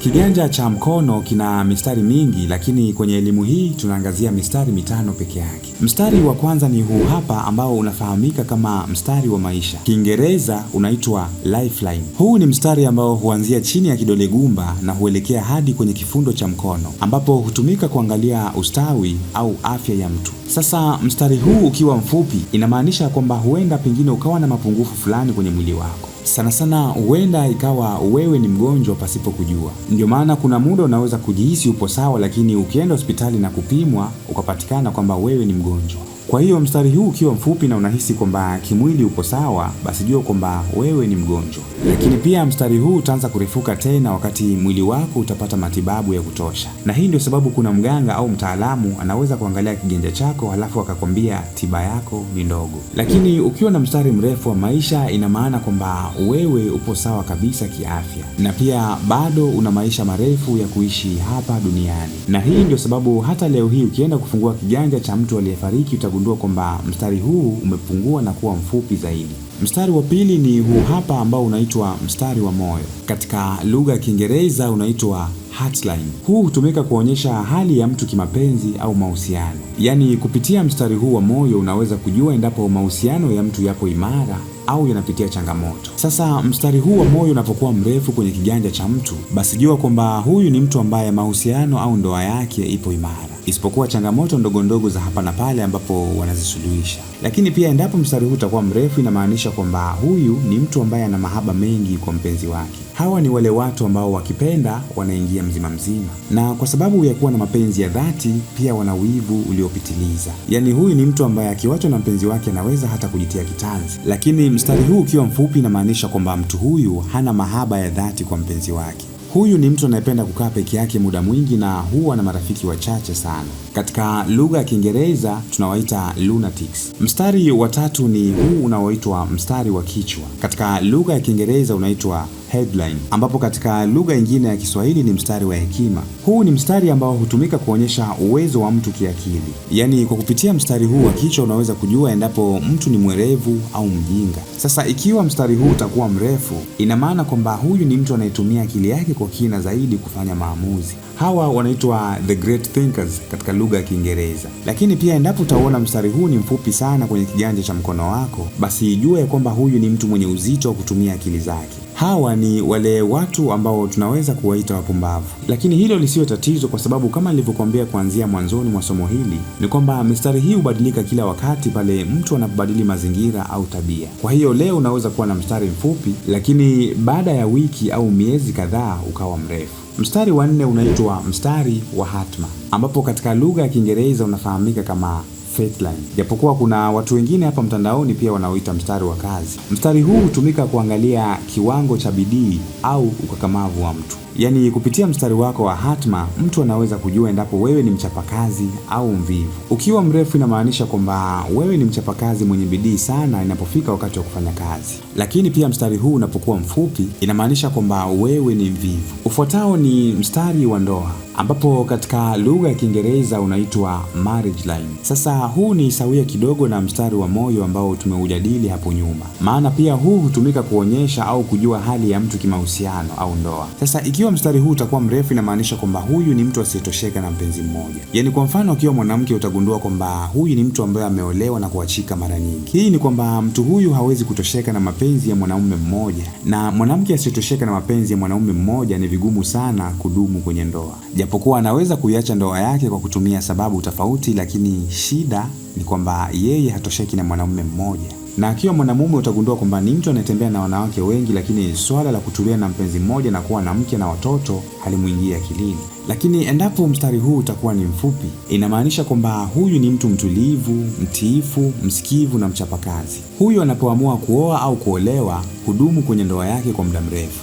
Kiganja cha mkono kina mistari mingi, lakini kwenye elimu hii tunaangazia mistari mitano peke yake. Mstari wa kwanza ni huu hapa, ambao unafahamika kama mstari wa maisha, Kiingereza unaitwa lifeline. Huu ni mstari ambao huanzia chini ya kidole gumba na huelekea hadi kwenye kifundo cha mkono, ambapo hutumika kuangalia ustawi au afya ya mtu. Sasa mstari huu ukiwa mfupi, inamaanisha kwamba huenda pengine ukawa na mapungufu fulani kwenye mwili wako. Sana sana huenda ikawa wewe ni mgonjwa pasipo kujua. Ndio maana kuna muda unaweza kujihisi upo sawa, lakini ukienda hospitali na kupimwa ukapatikana kwamba wewe ni mgonjwa. Kwa hiyo mstari huu ukiwa mfupi na unahisi kwamba kimwili uko sawa, basi jua kwamba wewe ni mgonjwa. Lakini pia mstari huu utaanza kurefuka tena wakati mwili wako utapata matibabu ya kutosha, na hii ndio sababu kuna mganga au mtaalamu anaweza kuangalia kiganja chako halafu akakwambia tiba yako ni ndogo. Lakini ukiwa na mstari mrefu wa maisha, ina maana kwamba wewe upo sawa kabisa kiafya, na pia bado una maisha marefu ya kuishi hapa duniani. Na hii ndio sababu hata leo hii ukienda kufungua kiganja cha mtu aliyefariki utagundua kwamba mstari huu umepungua na kuwa mfupi zaidi. Mstari wa pili ni huu hapa ambao unaitwa mstari wa moyo, katika lugha ya Kiingereza unaitwa heartline. Huu hutumika kuonyesha hali ya mtu kimapenzi au mahusiano. Yaani, kupitia mstari huu wa moyo unaweza kujua endapo mahusiano ya mtu yapo imara au yanapitia changamoto. Sasa mstari huu wa moyo unapokuwa mrefu kwenye kiganja cha mtu, basi jua kwamba huyu ni mtu ambaye mahusiano au ndoa yake ipo imara, isipokuwa changamoto ndogo ndogo za hapa na pale ambapo wanazisuluhisha. Lakini pia endapo mstari huu utakuwa mrefu, inamaanisha kwamba huyu ni mtu ambaye ana mahaba mengi kwa mpenzi wake. Hawa ni wale watu ambao wakipenda wanaingia mzima mzima, na kwa sababu ya kuwa na mapenzi ya dhati, pia wana wivu uliopitiliza. Yaani huyu ni mtu ambaye akiwachwa na mpenzi wake anaweza hata kujitia kitanzi, lakini mstari huu ukiwa mfupi inamaanisha kwamba mtu huyu hana mahaba ya dhati kwa mpenzi wake. Huyu ni mtu anayependa kukaa peke yake muda mwingi na huwa na marafiki wachache sana. Katika lugha ya Kiingereza tunawaita lunatics. Mstari wa tatu ni huu unaoitwa mstari wa kichwa. Katika lugha ya Kiingereza unaitwa headline, ambapo katika lugha nyingine ya Kiswahili ni mstari wa hekima. Huu ni mstari ambao hutumika kuonyesha uwezo wa mtu kiakili, yaani kwa kupitia mstari huu wa kichwa unaweza kujua endapo mtu ni mwerevu au mjinga. Sasa ikiwa mstari huu utakuwa mrefu, ina maana kwamba huyu ni mtu anayetumia akili yake kwa kina zaidi kufanya maamuzi. Hawa wanaitwa the great thinkers katika lugha ya Kiingereza. Lakini pia endapo utaona mstari huu ni mfupi sana kwenye kiganja cha mkono wako, basi ijue kwamba huyu ni mtu mwenye uzito wa kutumia akili zake hawa ni wale watu ambao tunaweza kuwaita wapumbavu, lakini hilo lisiwe tatizo, kwa sababu kama nilivyokuambia kuanzia mwanzoni mwa somo hili ni kwamba mistari hii hubadilika kila wakati pale mtu anapobadili mazingira au tabia. Kwa hiyo leo unaweza kuwa na mstari mfupi, lakini baada ya wiki au miezi kadhaa ukawa mrefu. Mstari wa nne unaitwa mstari wa hatma, ambapo katika lugha ya Kiingereza unafahamika kama Fateline. Japokuwa kuna watu wengine hapa mtandaoni pia wanaoita mstari wa kazi. Mstari huu hutumika kuangalia kiwango cha bidii au ukakamavu wa mtu. Yaani, kupitia mstari wako wa hatma mtu anaweza kujua endapo wewe ni mchapakazi au mvivu. Ukiwa mrefu, inamaanisha kwamba wewe ni mchapakazi mwenye bidii sana inapofika wakati wa kufanya kazi, lakini pia mstari huu unapokuwa mfupi, inamaanisha kwamba wewe ni mvivu. Ufuatao ni mstari wa ndoa, ambapo katika lugha ya Kiingereza unaitwa marriage line. Sasa huu ni sawia kidogo na mstari wa moyo ambao tumeujadili hapo nyuma, maana pia huu hutumika kuonyesha au kujua hali ya mtu kimahusiano au ndoa. Sasa ikiwa mstari huu utakuwa mrefu, inamaanisha kwamba huyu ni mtu asiyetosheka na mpenzi mmoja. Yaani kwa mfano, akiwa mwanamke utagundua kwamba huyu ni mtu ambaye ameolewa na kuachika mara nyingi. Hii ni kwamba mtu huyu hawezi kutosheka na mapenzi ya mwanaume mmoja, na mwanamke asiyetosheka na mapenzi ya mwanaume mmoja ni vigumu sana kudumu kwenye ndoa, japokuwa anaweza kuiacha ndoa yake kwa kutumia sababu tofauti, lakini shida Shida ni kwamba yeye hatosheki na mwanamume mmoja, na akiwa mwanamume utagundua kwamba ni mtu anatembea na wanawake wengi, lakini swala la kutulia na mpenzi mmoja na kuwa na mke na watoto halimuingia akilini. Lakini endapo mstari huu utakuwa ni mfupi, inamaanisha kwamba huyu ni mtu mtulivu, mtiifu, msikivu na mchapakazi. Huyu anapoamua kuoa au kuolewa, hudumu kwenye ndoa yake kwa muda mrefu.